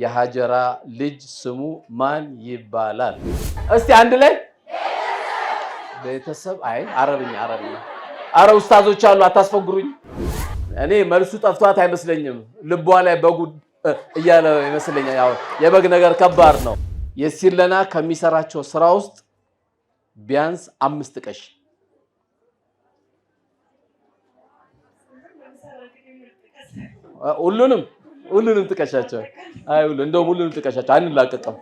የሀጀራ ልጅ ስሙ ማን ይባላል? እስቲ አንድ ላይ ቤተሰብ። አይ አረብኛ አረብኛ። አረ ውስታዞች አሉ አታስፈግሩኝ። እኔ መልሱ ጠፍቷት አይመስለኝም። ልቧ ላይ በጉድ እያለ ይመስለኛል። ያው የበግ ነገር ከባድ ነው። የሲለና ከሚሰራቸው ስራ ውስጥ ቢያንስ አምስት ቀሽ ሁሉንም ሁሉንም ጥቀሻቸው። አይ ሁሉ እንደውም ሁሉንም ጥቀሻቸው፣ አንላቀቅም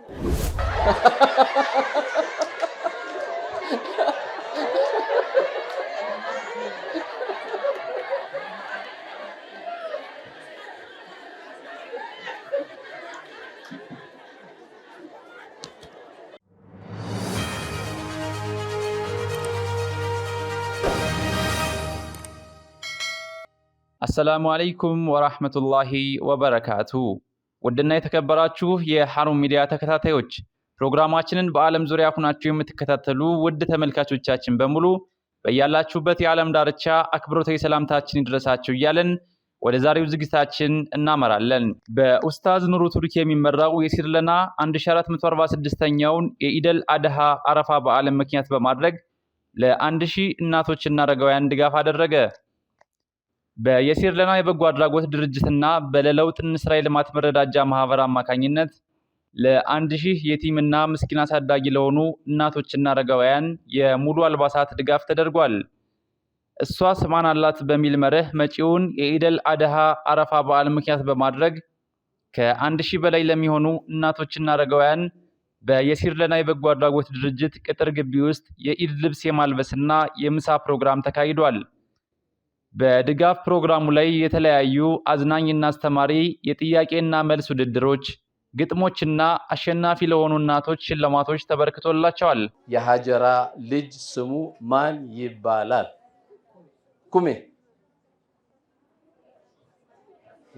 አሰላሙ አለይኩም ወራህመቱላሂ ወበረካቱ። ውድና የተከበራችሁ የሐሩን ሚዲያ ተከታታዮች ፕሮግራማችንን በዓለም ዙሪያ ሁናችሁ የምትከታተሉ ውድ ተመልካቾቻችን በሙሉ በያላችሁበት የዓለም ዳርቻ አክብሮታዊ ሰላምታችን ይድረሳችሁ እያለን ወደ ዛሬው ዝግጅታችን እናመራለን። በኡስታዝ ኑሩ ቱርኪ የሚመራው የሲርለና 1446ኛውን የኢደል አድሃ አረፋ በዓልን ምክንያት በማድረግ ለ1000 እናቶችና አረጋውያን ድጋፍ አደረገ። በየሲርለና የበጎ አድራጎት ድርጅትና በለለውጥ እንስራ የልማት መረዳጃ ማህበር አማካኝነት ለአንድ ሺህ የቲምና ምስኪን አሳዳጊ ለሆኑ እናቶችና አረጋውያን የሙሉ አልባሳት ድጋፍ ተደርጓል። እሷ ስማን አላት በሚል መርህ መጪውን የኢደል አድሃ አረፋ በዓል ምክንያት በማድረግ ከአንድ ሺህ በላይ ለሚሆኑ እናቶችና አረጋውያን በየሲርለና የበጎ አድራጎት ድርጅት ቅጥር ግቢ ውስጥ የኢድ ልብስ የማልበስና የምሳ ፕሮግራም ተካሂዷል። በድጋፍ ፕሮግራሙ ላይ የተለያዩ አዝናኝና አስተማሪ የጥያቄና መልስ ውድድሮች፣ ግጥሞችና አሸናፊ ለሆኑ እናቶች ሽልማቶች ተበርክቶላቸዋል። የሀጀራ ልጅ ስሙ ማን ይባላል? ኩሜ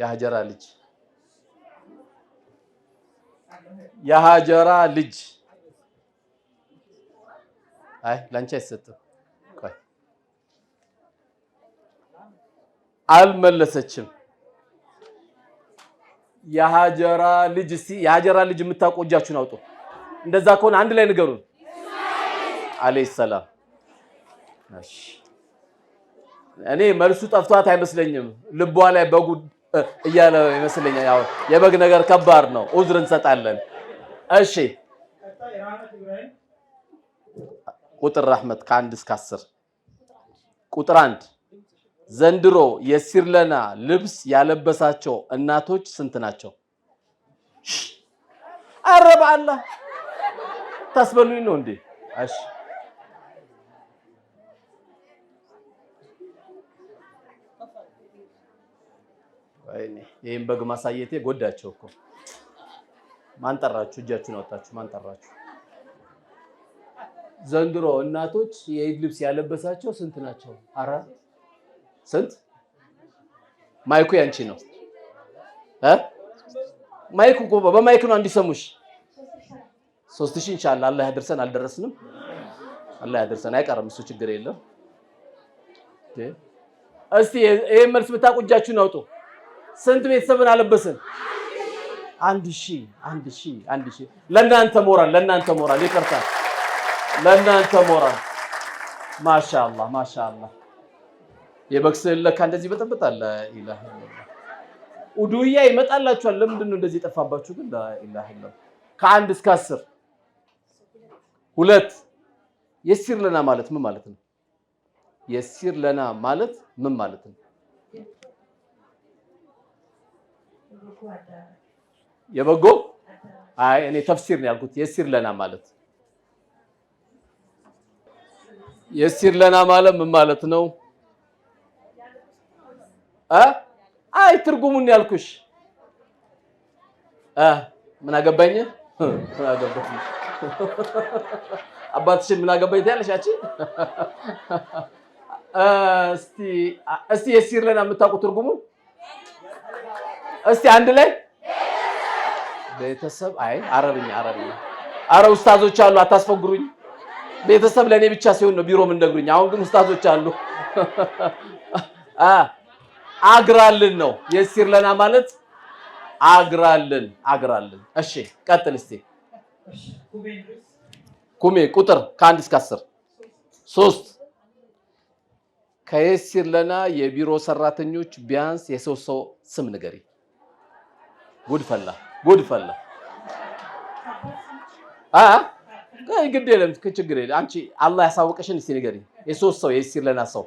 የሀጀራ ልጅ የሀጀራ ልጅ አይ ላንቺ አይሰጥም። አልመለሰችም። የሀጀራ ልጅ እስኪ የሀጀራ ልጅ የምታውቁ እጃችሁን አውጡ። እንደዛ ከሆነ አንድ ላይ ንገሩን። አለይሂ ሰላም። እኔ መልሱ ጠፍቷት አይመስለኝም። ልቧ ላይ በጉድ እያለ ይመስለኛል። ያው የበግ ነገር ከባድ ነው። ኡዝር እንሰጣለን። እሺ ቁጥር ረህመት ከአንድ እስከ አስር ቁጥር አንድ ዘንድሮ የሲርለና ልብስ ያለበሳቸው እናቶች ስንት ናቸው? አረ በአላህ ታስበሉኝ ነው እንዴ? እሺ ወይኔ ይሄን በግ ማሳየቴ ጎዳቸው እኮ። ማን ጠራችሁ? እጃችሁን አወጣችሁ። ማን ጠራችሁ? ዘንድሮ እናቶች የኢድ ልብስ ያለበሳቸው ስንት ናቸው? አራ ስንት? ማይኩ ያንቺ ነው። ማይኩ እኮ በማይክ ነው እንዲሰሙሽ። ሶስት ሺህ ኢንሻአላህ አላህ ያድርሰን አልደረስንም፣ አላህ ያድርሰን አይቀርም እሱ ችግር የለም። እስቲ ይሄን መልስ ብታውቁ እጃችሁን አውጡ። ስንት ቤተሰብን አለበስን? አንድ ሺህ አንድ ሺህ አንድ ሺህ። ለእናንተ ሞራል ለእናንተ ሞራል ይቅርታ፣ ለእናንተ ሞራል። ማሻአላህ ማሻአላህ የበግ ለካ እንደዚህ በጠበጥ አለ። ኢላ ኡዱያ ይመጣላችኋል። ለምንድን ነው እንደዚህ የጠፋባችሁ ግን? ኢላ ከአንድ እስከ አስር ሁለት የሲር ለና ማለት ምን ማለት ነው? የሲር ለና ማለት ምን ማለት ነው? የበጎ አይ እኔ ተፍሲር ነው ያልኩት። የሲር ለና ማለት የሲር ለና ማለት ምን ማለት ነው? አይ ትርጉሙን ያልኩሽ። ምን አገባኝ ምን አገባኝ አባትሽን ምን አገባኝ ትያለሽ አቺ እስቲ እስቲ የሲር ለና የምታውቁ ትርጉሙን እስቲ አንድ ላይ ቤተሰብ። አይ አረብኛ አረብኛ። አረ ኡስታዞች አሉ አታስፈግሩኝ። ቤተሰብ ለእኔ ብቻ ሲሆን ነው ቢሮ ምን ነግሩኝ። አሁን ግን ኡስታዞች አሉ። አ አግራልን ነው። የሲር ለና ማለት አግራልን አግራልን። እሺ ቀጥል እስቲ ኩሜ ቁጥር ከአንድ እስከ አስር ሶስት ከየሲር ለና የቢሮ ሰራተኞች ቢያንስ የሶስት ሰው ስም ንገሪ። ጉድ ፈላ ጉድ ፈላ። አ ግድ የለም ችግር የለም። አንቺ አላህ ያሳወቀሽን እስቲ ንገሪ። የሶስት ሰው የሲር ለና ሰው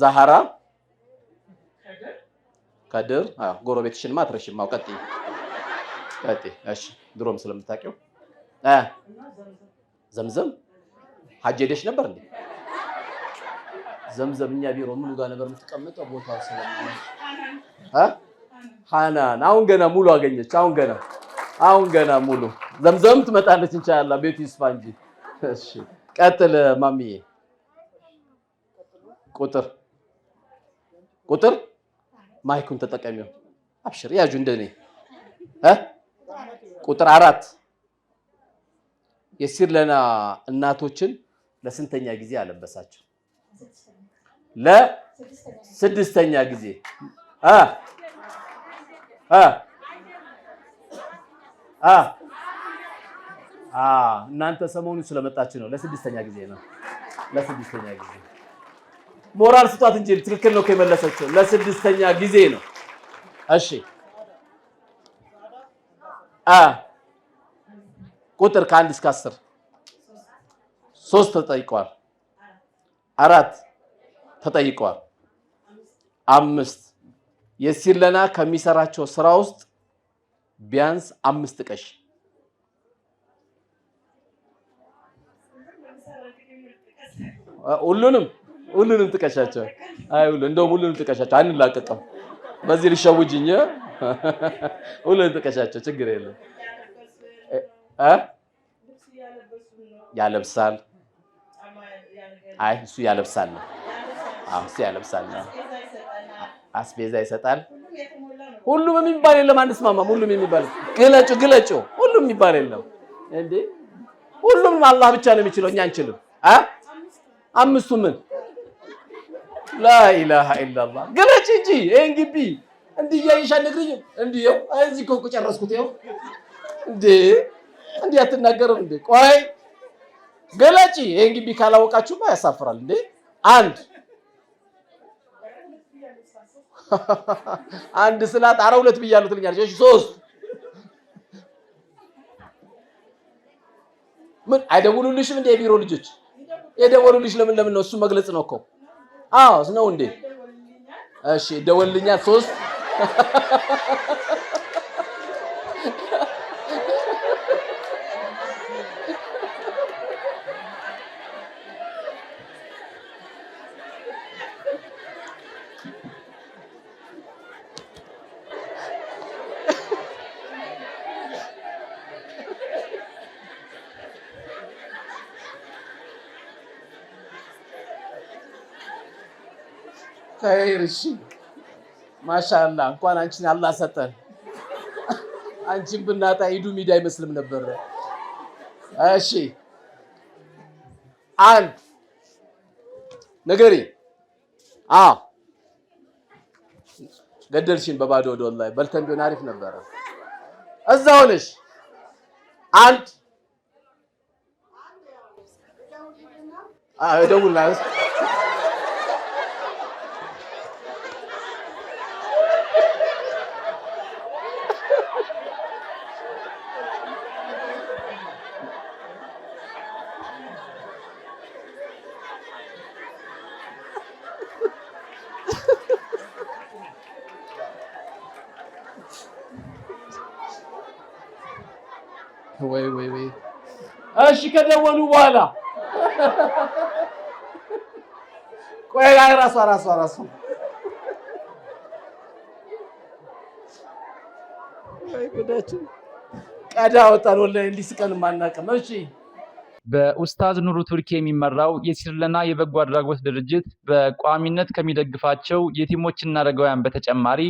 ዛሃራ ከድር ጎረቤትሽን ማትረሽም ማው ቀጥ ቀጥ እሺ፣ ድሮም ስለምታውቂው እ ዘምዘም ሀጅ ሄደሽ ነበር እንዴ? ዘምዘም እኛ ቢሮ ሙሉ ጋር ነበር የምትቀመጠው ቦታው ስለምን እ ሐናን አሁን ገና ሙሉ አገኘች። አሁን ገና አሁን ገና ሙሉ ዘምዘም ትመጣለች። እንቻላ ቤቱ ይስፋ እንጂ። እሺ፣ ቀጥል ማሚዬ ቁጥር ቁጥር ማይኩን ተጠቀሚው። አብሽር ያጁ እንደኔ እ ቁጥር አራት የሲር ለና እናቶችን ለስንተኛ ጊዜ አለበሳቸው? ለስድስተኛ ጊዜ እ እ አ አ እናንተ ሰሞኑን ስለመጣችሁ ነው። ለስድስተኛ ጊዜ ነው። ለስድስተኛ ጊዜ ሞራል ስጧት እንጂ ትክክል ነው ከመለሰችው። ለስድስተኛ ጊዜ ነው። እሺ አ ቁጥር ከአንድ እስከ አስር ሶስት ተጠይቀዋል። አራት ተጠይቀዋል። አምስት የሲለና ከሚሰራቸው ስራ ውስጥ ቢያንስ አምስት ቀሽ ሁሉንም ሁሉንም ጥቀሻቸው። አይ ሁሉ እንደውም ሁሉንም ጥቀሻቸው፣ አንላቀቅም። በዚህ ልሸውጅኝ። ሁሉንም ጥቀሻቸው፣ ችግር የለም። ያለብሳል። አይ እሱ ያለብሳል ነው። አዎ እሱ ያለብሳል ነው። አስቤዛ ይሰጣል። ሁሉም የሚባል የለም። አንስማማም። ሁሉም የሚባል ግለጩ ግለጩ። ሁሉም የሚባል የለም እንዴ! ሁሉም አላህ ብቻ ነው የሚችለው፣ እኛ አንችልም። አምስቱ ምን ላኢላሃ ኢላላህ ግረጭ እንጂ ይህን ግቢ እንዲህ እያየሽ አልነግርኝም። እንዲህ ይኸው እዚህ እኮ ጨረስኩት። ይኸው እንዴ እንዲህ አትናገርም እንዴ? ቆይ ገላጭ ይህን ግቢ ካላወቃችሁማ ያሳፍራል። እንዴ አንድ አንድ ስላት አረ ሁለት ብያለሁ ትልኛለች። እሺ ሶስት ምን አይደውሉልሽም እንዴ? የቢሮ ልጆች የደወሉልሽ ለምን ለምን ነው? እሱ መግለጽ ነው እኮ አዎ ነው እንዴ? እሺ ደወልኛል ሶስት ከይር እሺ፣ ማሻላ እንኳን አንቺን አላህ ሰጠን። አንቺን ብናጣ ሂዱ ሚድ አይመስልም ነበር። እሺ አንድ ነገሪ አ ገደልሽን በባዶ ወደ ወላሂ በልተን ቢሆን አሪፍ ነበረ። እዛ ሆነሽ አንድ እደውልና ወይ ወይ ወይ። እሺ ከደወሉ በኋላ ቆይ ላይ ራሷ ራሷ ራሷ ቀዳ ወጣን ወላሂ ማናቀም። እሺ በኡስታዝ ኑሩ ቱርኪ የሚመራው የሲርለና የበጎ አድራጎት ድርጅት በቋሚነት ከሚደግፋቸው የቲሞችና አረጋውያን በተጨማሪ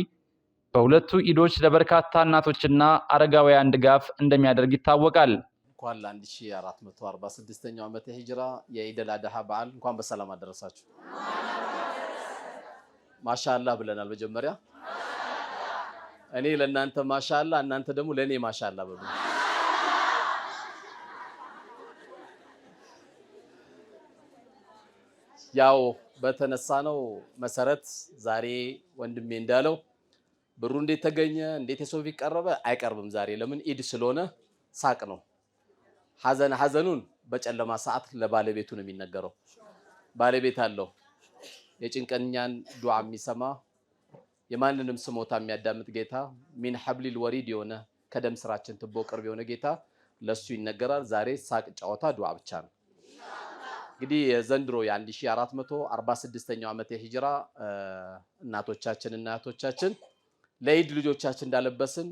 በሁለቱ ኢዶች ለበርካታ እናቶችና አረጋውያን ድጋፍ እንደሚያደርግ ይታወቃል። እንኳን መቶ አርባ ስድስተኛው ዓመተ ሂጅራ የኢደል አድሃ በዓል እንኳን በሰላም አደረሳችሁ። ማሻላ ብለናል። መጀመሪያ እኔ ለእናንተ ማሻላ እናንተ ደግሞ ለእኔ ማሻላ በሉ። ያው በተነሳ ነው መሰረት ዛሬ ወንድሜ እንዳለው ብሩ እንዴት ተገኘ፣ እንዴት የሰው ፊት ቀረበ አይቀርብም። ዛሬ ለምን ኢድ ስለሆነ ሳቅ ነው። ሀዘን ሀዘኑን በጨለማ ሰዓት ለባለቤቱ ነው የሚነገረው። ባለቤት አለው የጭንቀኛን ዱዓ የሚሰማ የማንንም ስሞታ የሚያዳምጥ ጌታ ሚን ሐብሊል ወሪድ የሆነ ከደም ስራችን ትቦ ቅርብ የሆነ ጌታ ለሱ ይነገራል። ዛሬ ሳቅ፣ ጨዋታ፣ ዱዓ ብቻ ነው። እንግዲህ የዘንድሮ የ1446ኛው ዓመት የሂጅራ እናቶቻችን እናቶቻችን ለኢድ ልጆቻችን እንዳለበስን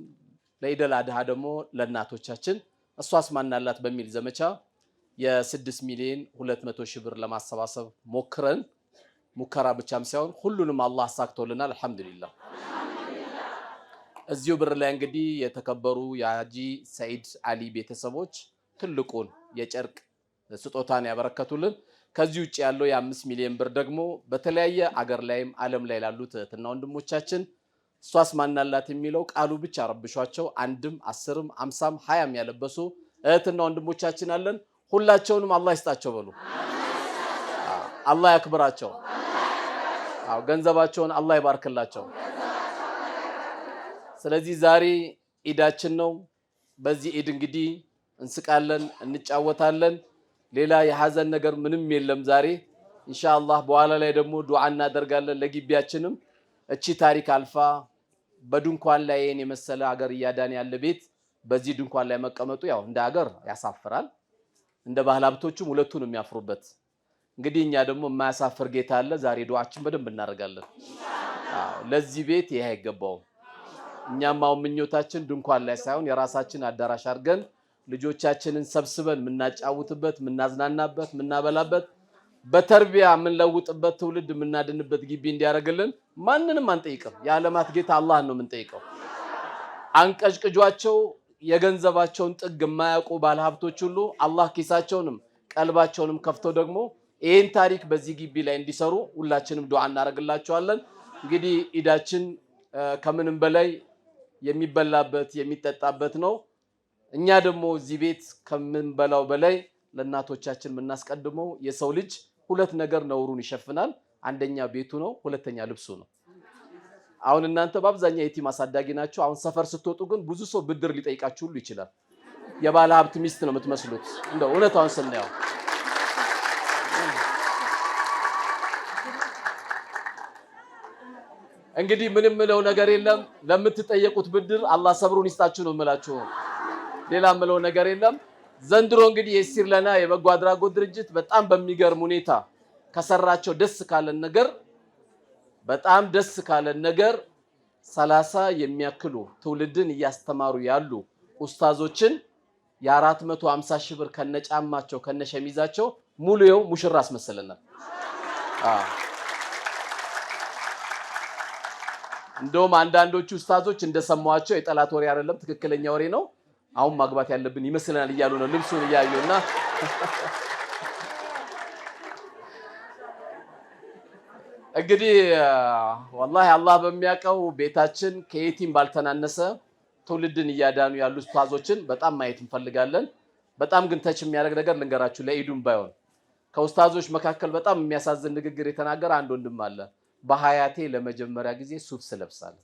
ለኢደል አድሃ ደግሞ ለእናቶቻችን እሷስ ማናላት በሚል ዘመቻ የ6 ሚሊዮን 200 ሺህ ብር ለማሰባሰብ ሞክረን ሙከራ ብቻም ሳይሆን ሁሉንም አላህ አሳክቶልናል። አልሐምዱሊላህ። እዚሁ ብር ላይ እንግዲህ የተከበሩ የሀጂ ሰኢድ አሊ ቤተሰቦች ትልቁን የጨርቅ ስጦታን ያበረከቱልን። ከዚህ ውጭ ያለው የአምስት ሚሊዮን ብር ደግሞ በተለያየ አገር ላይም ዓለም ላይ ላሉት እህትና ወንድሞቻችን እሷስ ማናላት የሚለው ቃሉ ብቻ ረብሿቸው አንድም አስርም አምሳም ሀያም ያለበሱ እህትና ወንድሞቻችን አለን። ሁላቸውንም አላህ ይስጣቸው በሉ። አላህ ያክብራቸው። አዎ ገንዘባቸውን አላህ ይባርክላቸው። ስለዚህ ዛሬ ኢዳችን ነው። በዚህ ኢድ እንግዲህ እንስቃለን፣ እንጫወታለን። ሌላ የሀዘን ነገር ምንም የለም ዛሬ ኢንሻአላህ። በኋላ ላይ ደግሞ ዱዓ እናደርጋለን ለግቢያችንም እቺ ታሪክ አልፋ በድንኳን ላይ ይሄን የመሰለ ሀገር እያዳን ያለ ቤት በዚህ ድንኳን ላይ መቀመጡ ያው እንደ ሀገር ያሳፍራል። እንደ ባህል ሀብቶችም ሁለቱን የሚያፍሩበት እንግዲህ እኛ ደግሞ የማያሳፍር ጌታ አለ። ዛሬ ዱዓችን በደንብ እናደርጋለን። ለዚህ ቤት ይህ አይገባውም። እኛም አሁን ምኞታችን ድንኳን ላይ ሳይሆን የራሳችን አዳራሽ አድርገን ልጆቻችንን ሰብስበን የምናጫውትበት፣ የምናዝናናበት፣ የምናበላበት በተርቢያ የምንለውጥበት ትውልድ የምናድንበት ግቢ እንዲያደርግልን ማንንም አንጠይቅም። የዓለማት ጌታ አላህን ነው የምንጠይቀው። አንቀጭቅጇቸው የገንዘባቸውን ጥግ የማያውቁ ባለሀብቶች ሁሉ አላህ ኪሳቸውንም ቀልባቸውንም ከፍተው ደግሞ ይህን ታሪክ በዚህ ግቢ ላይ እንዲሰሩ ሁላችንም ዱዓ እናደርግላቸዋለን። እንግዲህ ኢዳችን ከምንም በላይ የሚበላበት የሚጠጣበት ነው። እኛ ደግሞ እዚህ ቤት ከምንበላው በላይ ለእናቶቻችን የምናስቀድመው የሰው ልጅ ሁለት ነገር ነውሩን ይሸፍናል። አንደኛ ቤቱ ነው፣ ሁለተኛ ልብሱ ነው። አሁን እናንተ በአብዛኛው የቲም አሳዳጊ ናቸው። አሁን ሰፈር ስትወጡ ግን ብዙ ሰው ብድር ሊጠይቃችሁ ሁሉ ይችላል። የባለ ሀብት ሚስት ነው የምትመስሉት እንደው እውነታውን ስናየው። እንግዲህ ምንም ምለው ነገር የለም። ለምትጠየቁት ብድር አላህ ሰብሩን ይስጣችሁ ነው ምላችሁ ሌላ ምለው ነገር የለም። ዘንድሮ እንግዲህ የሲር ለና የበጎ አድራጎት ድርጅት በጣም በሚገርም ሁኔታ ከሰራቸው ደስ ካለን ነገር በጣም ደስ ካለን ነገር ሰላሳ የሚያክሉ ትውልድን እያስተማሩ ያሉ ኡስታዞችን መቶ 450 ሺህ ብር ከነጫማቸው ከነሸሚዛቸው ሙሉ የው ሙሽራ አስመስለናል። እንደውም አንዳንዶቹ ኡስታዞች እንደሰማዋቸው የጠላት ወሬ አይደለም፣ ትክክለኛ ወሬ ነው። አሁን ማግባት ያለብን ይመስለናል እያሉ ነው ልብሱን እያዩና እንግዲህ ወላሂ አላህ በሚያውቀው ቤታችን ከየቲም ባልተናነሰ ትውልድን እያዳኑ ያሉ ኡስታዞችን በጣም ማየት እንፈልጋለን። በጣም ግን ተች የሚያደርግ ነገር ልንገራችሁ፣ ለኢዱም ባይሆን ከኡስታዞች መካከል በጣም የሚያሳዝን ንግግር የተናገረ አንድ ወንድም አለ። በሀያቴ ለመጀመሪያ ጊዜ ሱፍ ስለብሳለሁ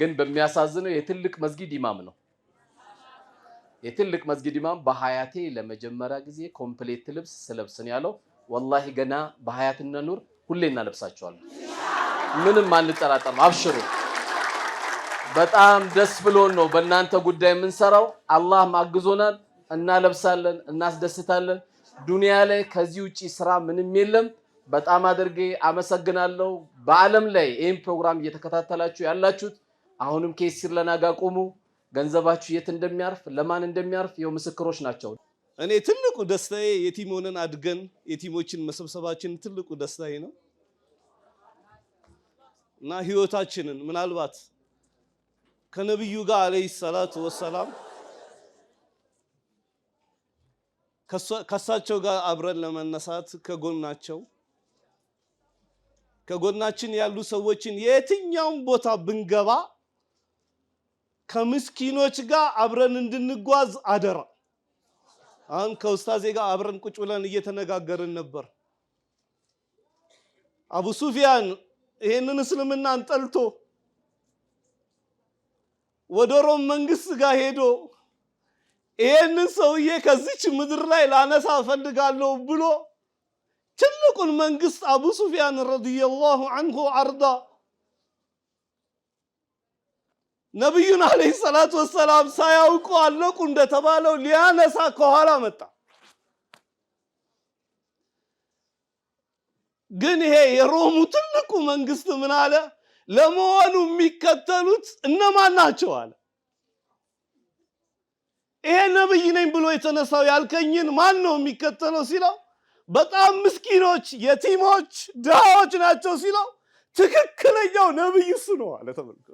ግን በሚያሳዝነው የትልቅ መስጊድ ኢማም ነው። የትልቅ መስጊድ ኢማም በሀያቴ ለመጀመሪያ ጊዜ ኮምፕሌት ልብስ ስለብስን ያለው ወላሂ ገና በሀያት እነኑር ሁሌ እናለብሳቸዋለን። ምንም አንጠራጠርም። አብሽሩ። በጣም ደስ ብሎን ነው በእናንተ ጉዳይ የምንሰራው። አላህም አግዞናል። እናለብሳለን፣ እናስደስታለን። ዱንያ ላይ ከዚህ ውጪ ስራ ምንም የለም። በጣም አድርጌ አመሰግናለሁ። በዓለም ላይ ይህን ፕሮግራም እየተከታተላችሁ ያላችሁት አሁንም ኬሲር ለናጋ ቁሙ። ገንዘባችሁ የት እንደሚያርፍ ለማን እንደሚያርፍ ይኸው ምስክሮች ናቸው። እኔ ትልቁ ደስታዬ የቲም ሆነን አድገን የቲሞችን መሰብሰባችን ትልቁ ደስታዬ ነው እና ህይወታችንን ምናልባት ከነቢዩ ጋር አለይ ሰላቱ ወሰላም ከእሳቸው ጋር አብረን ለመነሳት ከጎናቸው ከጎናችን ያሉ ሰዎችን የትኛውም ቦታ ብንገባ ከምስኪኖች ጋር አብረን እንድንጓዝ አደራ። አሁን ከኡስታዜ ጋር አብረን ቁጭ ብለን እየተነጋገርን ነበር። አቡ ሱፊያን ይሄንን እስልምናን ጠልቶ ወደ ሮም መንግስት ጋር ሄዶ ይሄንን ሰውዬ ከዚች ምድር ላይ ላነሳ እፈልጋለሁ ብሎ ትልቁን መንግስት አቡ ሱፊያን ረዲየላሁ አንሁ አርዳ ነቢዩን አለይሂ ሰላቱ ወሰላም ሳያውቁ አለቁ እንደተባለው ሊያነሳ ከኋላ መጣ። ግን ይሄ የሮሙ ትልቁ መንግስት ምን አለ? ለመሆኑ የሚከተሉት እነማን ናቸው አለ። ይሄ ነብይ ነኝ ብሎ የተነሳው ያልከኝን ማን ነው የሚከተለው ሲለው በጣም ምስኪኖች፣ የቲሞች፣ ድሃዎች ናቸው ሲለው ትክክለኛው ነብይ እሱ ነው አለ። ተመልከቱ።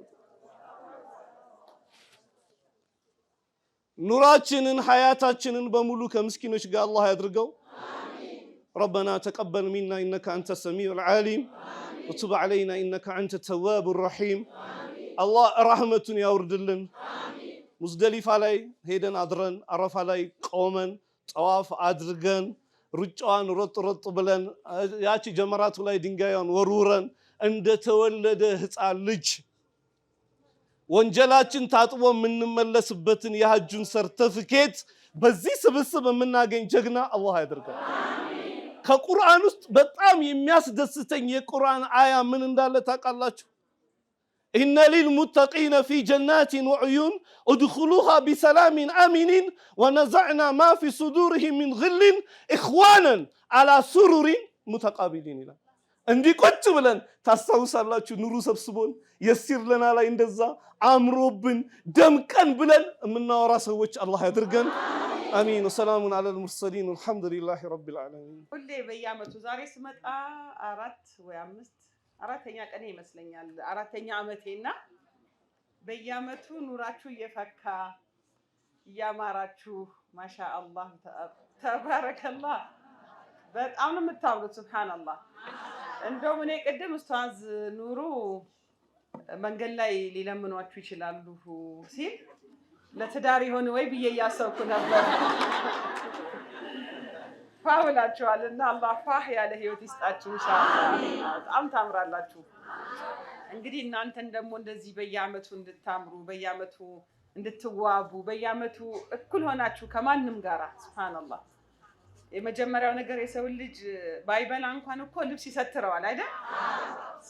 ኑራችንን ሀያታችንን በሙሉ ከምስኪኖች ጋር አላህ ያድርገው። ረበና ተቀበል ሚና ኢነከ አንተ ሰሚዑል ዓሊም ወቱብ ዓለይና ኢነከ አንተ ተዋቡ ረሒም። አላህ ራህመቱን ያውርድልን። ሙዝደሊፋ ላይ ሄደን አድረን አረፋ ላይ ቆመን ጠዋፍ አድርገን ሩጫዋን ሮጥ ሮጥ ብለን ያቺ ጀመራቱ ላይ ድንጋዩን ወርውረን እንደተወለደ ህፃን ልጅ ወንጀላችን ታጥቦ የምንመለስበትን የሐጁን ሰርተፍኬት በዚህ ስብስብ የምናገኝ ጀግና አላህ ያደርጋል። ከቁርአን ውስጥ በጣም የሚያስደስተኝ የቁርአን አያ ምን እንዳለ ታውቃላችሁ? ኢነ ሊልሙተቂነ ፊ ጀናቲን ወዕዩን እድኹሉሃ ቢሰላሚን አሚኒን ወነዘዕና ማ ፊ ሱዱርሂም ሚን ግልን ኢኽዋነን አላ ሱሩሪን ሙተቃቢሊን ይላል። እንዲህ ቁጭ ብለን ታስታውሳላችሁ፣ ኑሩ ሰብስቦን ለና ላይ እንደዛ አምሮብን ደምቀን ብለን የምናወራ ሰዎች አላህ ያድርገን። አሚን። ወሰላሙን አለል ሙርሰሊን አልሐምዱሊላሂ ረቢል ዓለሚን። ሁሌ በየአመቱ ዛሬ ስመጣ አራት ወይ አምስት አራተኛ ቀኔ ይመስለኛል አራተኛ አመቴና በየአመቱ ኑራችሁ እየፈካ እያማራችሁ ማሻ አላህ ተባረከላህ በጣም ነው የምታምሩት። ሱብሃነላህ እንደውም እኔ ቅድም እስቷዝ ኑሩ መንገድ ላይ ሊለምኗችሁ ይችላሉ ሲል ለትዳር የሆነ ወይ ብዬ እያሰብኩ ነበር። ፋ ብላችኋል እና አላህ ፋህ ያለ ህይወት ይስጣችሁ። በጣም ታምራላችሁ። እንግዲህ እናንተን ደግሞ እንደዚህ በየአመቱ እንድታምሩ በየአመቱ እንድትዋቡ በየአመቱ እኩል ሆናችሁ ከማንም ጋራ ስብሃነላህ የመጀመሪያው ነገር የሰው ልጅ ባይበላ እንኳን እኮ ልብስ ይሰትረዋል አይደል?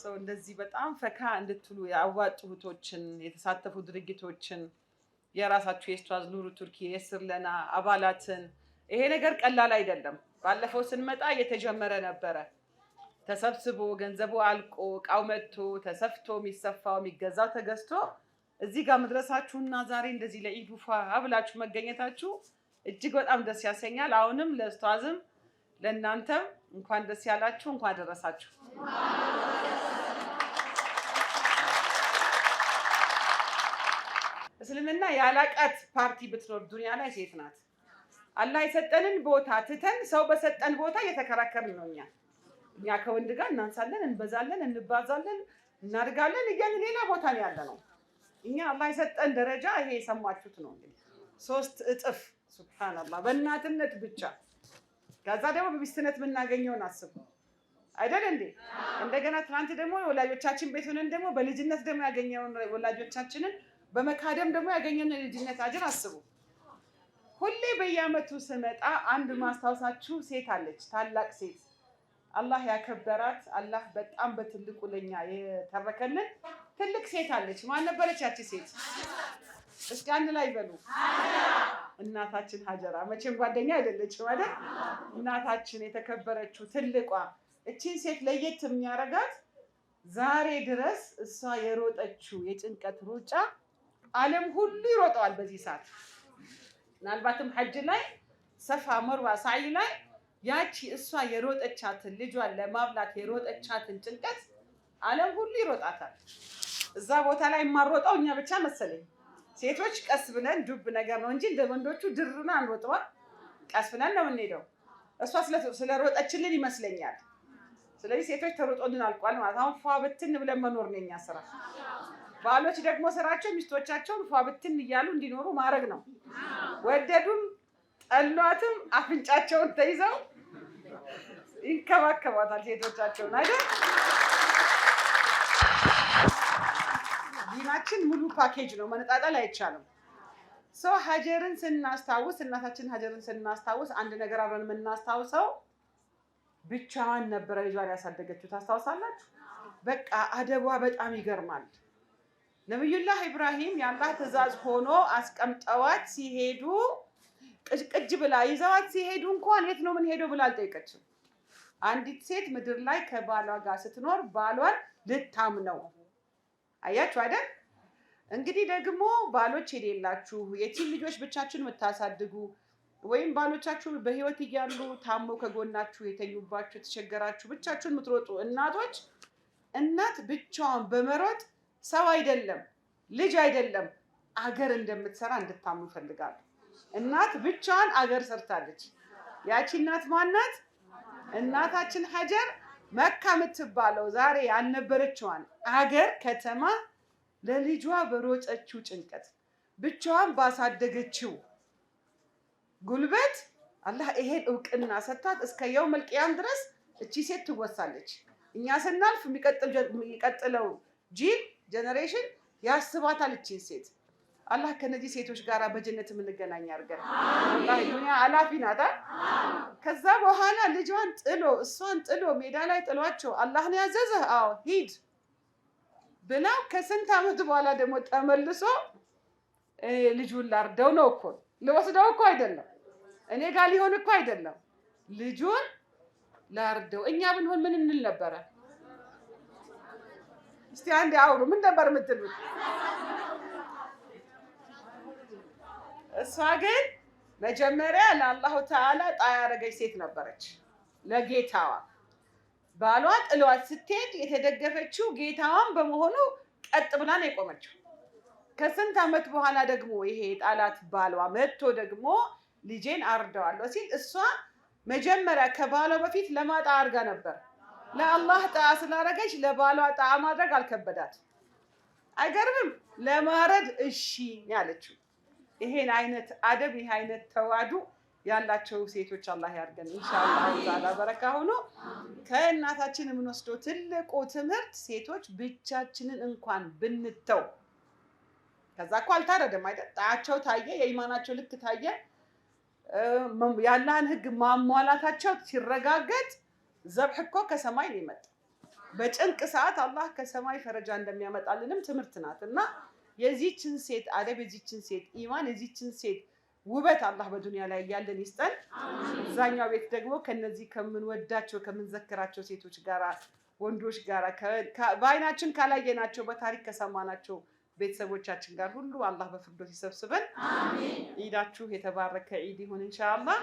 ሰው እንደዚህ በጣም ፈካ እንድትሉ የአዋጡ ሁቶችን የተሳተፉ ድርጊቶችን የራሳችሁ የስቷዝ ኑሩ ቱርኪ የስርለና አባላትን ይሄ ነገር ቀላል አይደለም። ባለፈው ስንመጣ እየተጀመረ ነበረ ተሰብስቦ ገንዘቡ አልቆ እቃው መጥቶ ተሰፍቶ የሚሰፋው የሚገዛው ተገዝቶ እዚህ ጋር መድረሳችሁና ዛሬ እንደዚህ ለኢዱፋ አብላችሁ መገኘታችሁ እጅግ በጣም ደስ ያሰኛል። አሁንም ለስተዋዝም ለእናንተም እንኳን ደስ ያላችሁ፣ እንኳን ደረሳችሁ። እስልምና ያላቃት ፓርቲ ብትኖር ዱንያ ላይ ሴት ናት። አላህ የሰጠንን ቦታ ትተን ሰው በሰጠን ቦታ እየተከራከርን ነው። እኛ እኛ ከወንድ ጋር እናንሳለን፣ እንበዛለን፣ እንባዛለን፣ እናድጋለን እያን ሌላ ቦታ ያለ ነው። እኛ አላህ የሰጠን ደረጃ ይሄ የሰማችሁት ነው። ሶስት እጥፍ ሱብሃነላህ በእናትነት ብቻ። ከዛ ደግሞ በሚስትነት የምናገኘውን አስቡ አይደል እንዴ? እንደገና ትናንት ደግሞ ወላጆቻችን ቤት ሆነን ደግሞ በልጅነት ደግሞ ያገኘውን ወላጆቻችንን በመካደም ደግሞ ያገኘውን የልጅነት አጅር አስቡ። ሁሌ በየአመቱ ስመጣ አንድ ማስታወሳችሁ ሴት አለች፣ ታላቅ ሴት አላህ ያከበራት አላህ በጣም በትልቁ ለኛ የተረከልን ትልቅ ሴት አለች። ማን ነበረች ያቺ ሴት? እስኪ አንድ ላይ በሉ እናታችን ሀጀራ መቼም ጓደኛ አይደለች ማለት እናታችን የተከበረችው ትልቋ እቺን ሴት ለየት የሚያደርጋት ዛሬ ድረስ እሷ የሮጠችው የጭንቀት ሩጫ ዓለም ሁሉ ይሮጠዋል በዚህ ሰዓት። ምናልባትም ሐጅ ላይ ሰፋ መርዋ ሳይ ላይ ያቺ እሷ የሮጠቻትን ልጇን ለማብላት የሮጠቻትን ጭንቀት ዓለም ሁሉ ይሮጣታል። እዛ ቦታ ላይ የማሮጠው እኛ ብቻ መሰለኝ። ሴቶች ቀስ ብለን ዱብ ነገር ነው እንጂ እንደ ወንዶቹ ድርና አንሮጥዋ ቀስ ብለን ነው የምንሄደው። እሷ ስለሮጠችልን ይመስለኛል። ስለዚህ ሴቶች ተሮጦልን አልቋል ማለት አሁን ፏ ብትን ብለን መኖር ነው የኛ ስራ። ባሎች ደግሞ ስራቸው ሚስቶቻቸውን ፏ ብትን እያሉ እንዲኖሩ ማድረግ ነው። ወደዱም ጠሏትም አፍንጫቸውን ተይዘው ይንከባከቧታል ሴቶቻቸውን አይደል? ፊልማችን ሙሉ ፓኬጅ ነው፣ መነጣጠል አይቻልም። ሰው ሀጀርን ስናስታውስ እናታችን ሀጀርን ስናስታውስ አንድ ነገር አብረን የምናስታውሰው ብቻዋን ነበረ ልጇን ያሳደገችው ታስታውሳላችሁ። በቃ አደቧ በጣም ይገርማል። ነቢዩላህ ኢብራሂም የአላህ ትዕዛዝ ሆኖ አስቀምጠዋት ሲሄዱ ቅጅቅጅ ብላ ይዘዋት ሲሄዱ እንኳን የት ነው ምን ሄደው ብላ አልጠይቀችም። አንዲት ሴት ምድር ላይ ከባሏ ጋር ስትኖር ባሏን ልታምነው አያችሁ አይደል? እንግዲህ ደግሞ ባሎች የሌላችሁ የቲም ልጆች ብቻችሁን የምታሳድጉ ወይም ባሎቻችሁ በህይወት እያሉ ታሞ ከጎናችሁ የተኙባችሁ የተቸገራችሁ ብቻችሁን የምትሮጡ እናቶች፣ እናት ብቻዋን በመሮጥ ሰው አይደለም ልጅ አይደለም አገር እንደምትሰራ እንድታምኑ ይፈልጋሉ። እናት ብቻዋን አገር ሰርታለች። ያቺ እናት ማናት? እናታችን ሀጀር መካ የምትባለው ዛሬ ያልነበረችዋን አገር ከተማ ለልጇ በሮጨችው ጭንቀት ብቻዋን ባሳደገችው ጉልበት አላህ ይሄን እውቅና ሰጥቷት እስከ የው መልቅያም ድረስ እቺ ሴት ትወሳለች። እኛ ስናልፍ የሚቀጥለው ጂል ጀኔሬሽን ያስባታል እቺን ሴት። አላህ ከነዚህ ሴቶች ጋር በጀነት የምንገናኝ አድርገን። ዱኒያ አላፊ ናታ። ከዛ በኋላ ልጇን ጥሎ እሷን ጥሎ ሜዳ ላይ ጥሏቸው አላህን ያዘዘህ። አዎ ሂድ ብላ ከስንት ዓመት በኋላ ደግሞ ተመልሶ ልጁን ላርደው ነው እኮ ልወስደው እኮ አይደለም፣ እኔ ጋር ሊሆን እኮ አይደለም። ልጁን ላርደው እኛ ብንሆን ምን እንል ነበረ? እስቲ አንድ አውሩ። ምን ነበር የምትሉት? እሷ ግን መጀመሪያ ለአላሁ ተዓላ ጣ ያደረገች ሴት ነበረች ለጌታዋ ባሏ ጥሏት ስትሄድ የተደገፈችው ጌታዋን በመሆኑ ቀጥ ብላ ነው የቆመችው። ከስንት ዓመት በኋላ ደግሞ ይሄ የጣላት ባሏ መጥቶ ደግሞ ልጄን አርደዋለሁ ሲል እሷ መጀመሪያ ከባሏ በፊት ለማጣ አድርጋ ነበር። ለአላህ ጣዓ ስላደረገች ለባሏ ጣዓ ማድረግ አልከበዳት። አይገርምም? ለማረድ እሺ ያለችው ይሄን አይነት አደብ ይህ አይነት ተዋዱ ያላቸው ሴቶች አላህ ያድርገን። ኢንሻአላህ ዛላ በረካ ሆኖ ከእናታችን የምንወስደው ትልቁ ትምህርት ሴቶች ብቻችንን እንኳን ብንተው ከዛ እኮ አልታረደም አይደል? ጣቸው ታየ፣ የኢማናቸው ልክ ታየ፣ ያላህን ህግ ማሟላታቸው ሲረጋገጥ ዘብሕ እኮ ከሰማይ ነው የመጣ። በጭንቅ ሰዓት አላህ ከሰማይ ፈረጃ እንደሚያመጣልንም ትምህርት ናት እና የዚችን ሴት አደብ የዚችን ሴት ኢማን የዚችን ሴት ውበት አላህ በዱንያ ላይ እያለን ይስጠን። እዛኛው ቤት ደግሞ ከነዚህ ከምንወዳቸው ከምንዘክራቸው ሴቶች ጋራ ወንዶች ጋራ በአይናችን ካላየናቸው በታሪክ ከሰማናቸው ቤተሰቦቻችን ጋር ሁሉ አላህ በፍርዶት ይሰብስበን። ኢዳችሁ የተባረከ ኢድ ይሁን ኢንሻአላህ።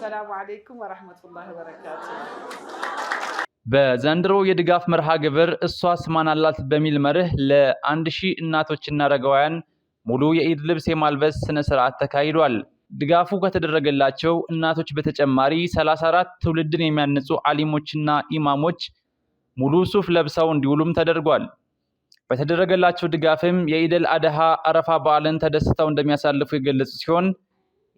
ሰላሙ አሌይኩም ወራህመቱላሂ ወበረካቱ። በዘንድሮ የድጋፍ መርሃ ግብር እሷስ ማን አላት በሚል መርህ ለአንድ ሺህ እናቶችና አረጋውያን ሙሉ የኢድ ልብስ የማልበስ ስነ ስርዓት ተካሂዷል። ድጋፉ ከተደረገላቸው እናቶች በተጨማሪ 34 ትውልድን የሚያንጹ አሊሞችና ኢማሞች ሙሉ ሱፍ ለብሰው እንዲውሉም ተደርጓል። በተደረገላቸው ድጋፍም የኢደል አድሃ አረፋ በዓልን ተደስተው እንደሚያሳልፉ የገለጹ ሲሆን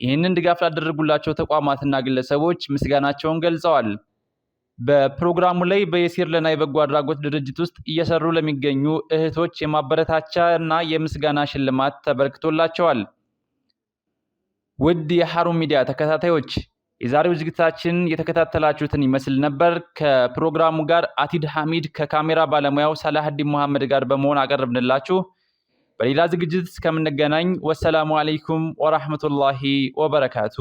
ይህንን ድጋፍ ላደረጉላቸው ተቋማትና ግለሰቦች ምስጋናቸውን ገልጸዋል። በፕሮግራሙ ላይ በየሲርለና የበጎ አድራጎት ድርጅት ውስጥ እየሰሩ ለሚገኙ እህቶች የማበረታቻ እና የምስጋና ሽልማት ተበርክቶላቸዋል። ውድ የሐሩ ሚዲያ ተከታታዮች የዛሬው ዝግጅታችን የተከታተላችሁትን ይመስል ነበር። ከፕሮግራሙ ጋር አቲድ ሐሚድ ከካሜራ ባለሙያው ሳላህዲን መሐመድ ጋር በመሆን አቀርብንላችሁ በሌላ ዝግጅት እስከምንገናኝ ወሰላሙ አለይኩም ወራህመቱላሂ ወበረካቱ።